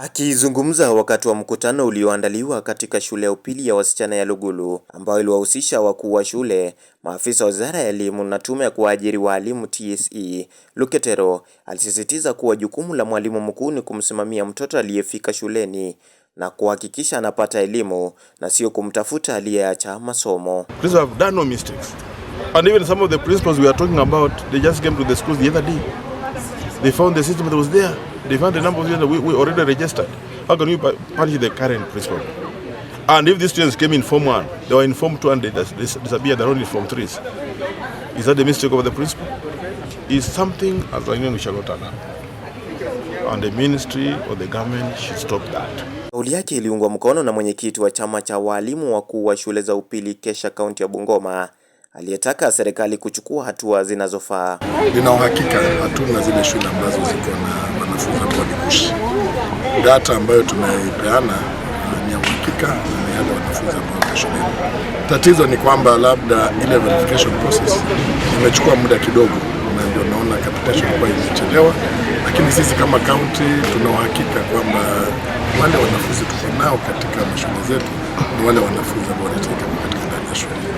Akizungumza wakati wa mkutano ulioandaliwa katika shule ya upili ya wasichana ya Lugulu ambayo iliwahusisha wakuu wa shule, maafisa wa Wizara ya Elimu na Tume ya Kuajiri Walimu TSE, Luketero alisisitiza kuwa jukumu la mwalimu mkuu ni kumsimamia mtoto aliyefika shuleni na kuhakikisha anapata elimu na sio kumtafuta aliyeacha masomo. Please have done no mistakes. And even some of the principals we are talking about, they just came to the schools the other day. They found the system that was there. They found the number of students that we, we already registered. How can we punish the current principal? And if these students came in Form 1, they were in Form 2 and they disappeared, they're only in Form 3s. Is that the mistake of the principal? Is something as a union we shall not allow. And the ministry or the government should stop that. Kauli yake iliungwa mkono na mwenyekiti wa chama cha walimu wakuu wa shule za upili Kesha, kaunti ya Bungoma aliyetaka serikali kuchukua hatua zinazofaa. Nina uhakika hatuna zile shule ambazo ziko na wanafunzi ambao ni Data ambayo tumepeana ni ya uhakika na yale wanafunzi ambao shuleni. Tatizo ni kwamba labda ile verification process imechukua muda kidogo, na ndio naona capitation kwa imechelewa, lakini sisi kama kaunti tuna uhakika kwamba wale wanafunzi tuko nao katika mashule zetu ni wale wanafunzi ambao wanahitajika katika ndani ya shule.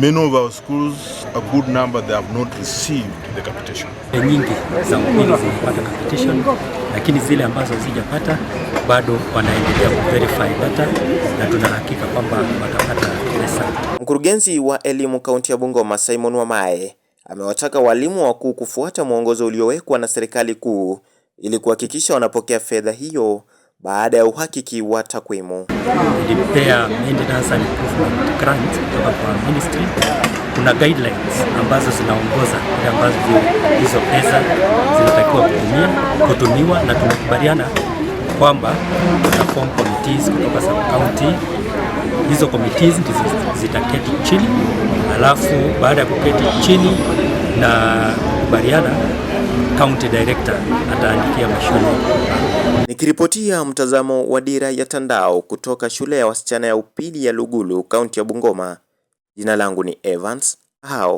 Many of our schools, a good number, they have not received the capitation. Nyingi za upili zimepata capitation, lakini zile ambazo hazijapata bado wanaendelea kuverify data na tunahakika kwamba watapata pesa. Mkurugenzi wa elimu kaunti ya Bungoma Simon Wamae amewataka walimu wakuu kufuata mwongozo uliowekwa na serikali kuu ili kuhakikisha wanapokea fedha hiyo baada ya uhakiki wa takwimu. Nilipea maintenance and improvement grant kutoka kwa ministry. Kuna guidelines ambazo zinaongoza ile ambazo hizo pesa zinatakiwa kutumia kutumiwa, na tumekubaliana kwamba kuna form committees kutoka sub county hizo committees zitaketi chini, alafu baada ya kuketi chini na kukubaliana county director ataandikia mashule. Nikiripotia mtazamo wa Dira ya Tandao kutoka shule ya wasichana ya upili ya Lugulu, kaunti ya Bungoma, jina langu ni Evans Hao.